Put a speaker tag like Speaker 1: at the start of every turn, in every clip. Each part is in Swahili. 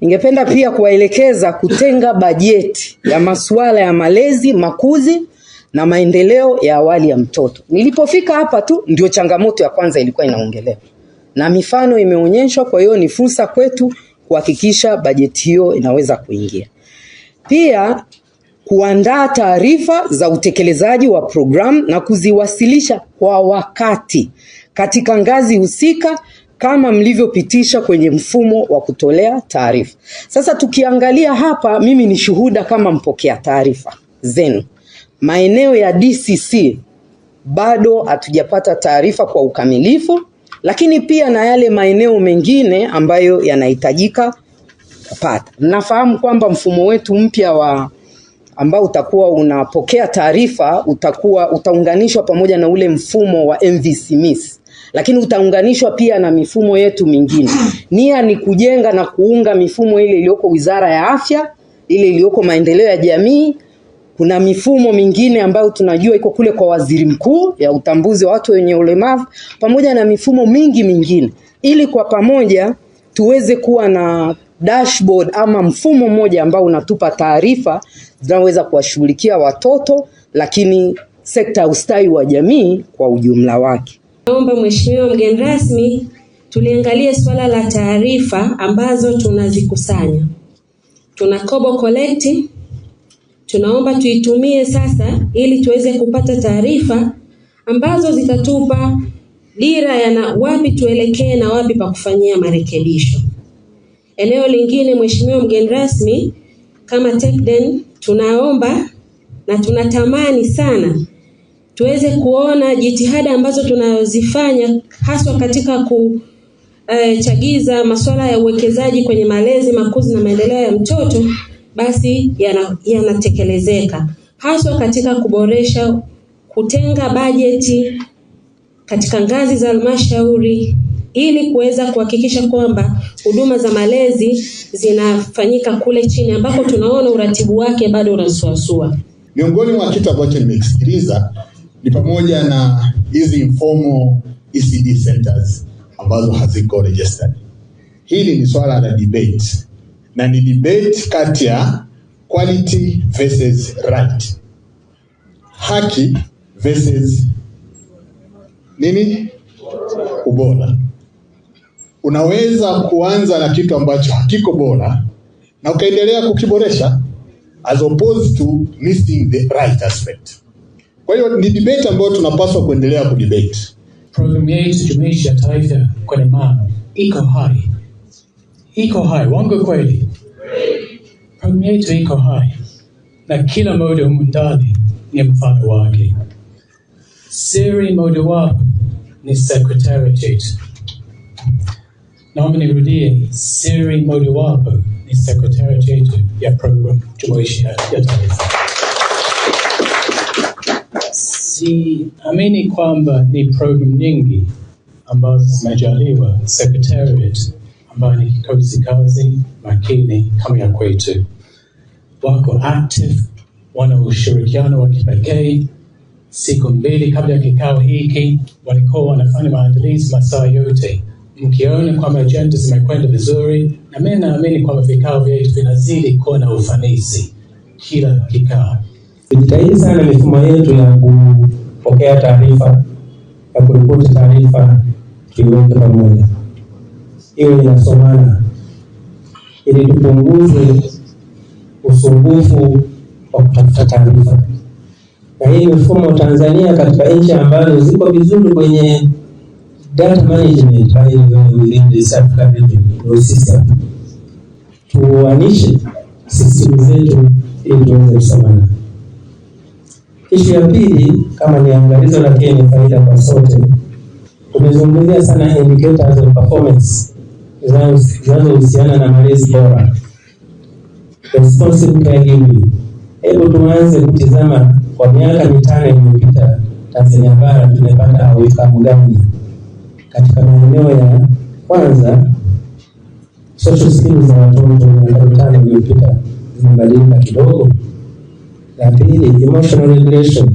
Speaker 1: Ningependa pia kuwaelekeza kutenga bajeti ya masuala ya malezi, makuzi na maendeleo ya awali ya mtoto. Nilipofika hapa tu ndio changamoto ya kwanza ilikuwa inaongelewa na mifano imeonyeshwa. Kwa hiyo ni fursa kwetu kuhakikisha bajeti hiyo inaweza kuingia. Pia kuandaa taarifa za utekelezaji wa programu na kuziwasilisha kwa wakati katika ngazi husika kama mlivyopitisha kwenye mfumo wa kutolea taarifa. Sasa tukiangalia hapa, mimi ni shuhuda kama mpokea taarifa zenu, maeneo ya DCC bado hatujapata taarifa kwa ukamilifu, lakini pia na yale maeneo mengine ambayo yanahitajika kupata. Nafahamu kwamba mfumo wetu mpya wa ambao utakuwa unapokea taarifa utakuwa utaunganishwa pamoja na ule mfumo wa MVC Miss lakini utaunganishwa pia na mifumo yetu mingine. Nia ni kujenga na kuunga mifumo ile iliyoko Wizara ya Afya, ile iliyoko maendeleo ya jamii. Kuna mifumo mingine ambayo tunajua iko kule kwa Waziri Mkuu ya utambuzi wa watu wenye ulemavu, pamoja na mifumo mingi mingine, ili kwa pamoja tuweze kuwa na dashboard ama mfumo mmoja ambao unatupa taarifa zinaweza kuwashughulikia watoto, lakini sekta ya ustawi wa jamii kwa ujumla wake.
Speaker 2: Naomba Mheshimiwa mgeni rasmi, tuliangalie suala la taarifa ambazo tunazikusanya. Tuna Kobo Collect, tunaomba tuitumie sasa ili tuweze kupata taarifa ambazo zitatupa dira ya na wapi tuelekee na wapi pa kufanyia marekebisho. Eneo lingine, Mheshimiwa mgeni rasmi, kama TECDEN tunaomba na tunatamani sana tuweze kuona jitihada ambazo tunazifanya haswa katika kuchagiza eh, masuala ya uwekezaji kwenye malezi, makuzi na maendeleo ya mtoto basi yanatekelezeka yana haswa katika kuboresha kutenga bajeti katika ngazi za halmashauri ili kuweza kuhakikisha kwamba huduma za malezi zinafanyika kule chini ambako tunaona uratibu wake bado unasuasua.
Speaker 3: Miongoni mwa kitu ambacho nimekisikiliza ni pamoja na hizi informal ECD centers ambazo haziko registered. Hili ni swala la debate na ni debate kati ya quality versus right, haki versus nini, ubora. Unaweza kuanza na kitu ambacho hakiko bora na ukaendelea kukiboresha as opposed to missing the right aspect. Kwa hiyo ni debate ambayo tunapaswa kuendelea kudebate.
Speaker 4: Programu yetu jumuishi ya taifa kwenye maana iko hai, iko hai, wangu kweli. Programu yetu iko hai na kila moja humu ndani ni mfano wake. Siri wapo ni secretariat. Naomba nirudie, siri wapo ni secretariat ya programu jumuishi ya taifa siamini kwamba ni programu nyingi ambazo zimejaliwa Secretariat ambayo ni kikosi kazi makini kama ya kwetu, wako active, wana ushirikiano wa kipekee. Siku mbili kabla ya kikao hiki walikuwa wanafanya maandalizi masaa yote, mkiona kwamba ajenda zimekwenda vizuri, na mi naamini kwamba vikao vyetu vinazidi kuwa na ufanisi kila kikao.
Speaker 3: Tujitahidi sana mifumo yetu ya kupokea taarifa na kuripoti taarifa, tuiweke pamoja, iwe inasomana ili tupunguze usumbufu wa kutafuta taarifa. Na hii mifumo wa Tanzania katika nchi ambazo ziko vizuri kwenye data management yaani tuuanishe sistimu zetu ili tuweze kusomana. Ishu ya pili kama ni angalizo, lakini ni faida kwa sote. Tumezungumzia sana indicators of performance zinazohusiana na malezi bora, responsible caregiving. Hebu tuanze kutizama kwa miaka mitano iliyopita Tanzania bara tumepata uifahamu gani katika maeneo ya kwanza, social skills za watoto miaka mitano iliyopita zimebadilika kidogo la pili, emotional regulation,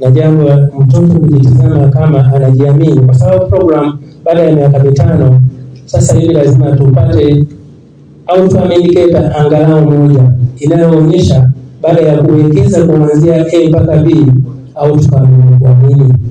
Speaker 3: na jambo la mtoto kujitizama kama anajiamini, kwa sababu program baada ya miaka mitano sasa hivi lazima tupate au indicator angalau moja inayoonyesha baada ya kuwekeza kuanzia A mpaka B au ni nini.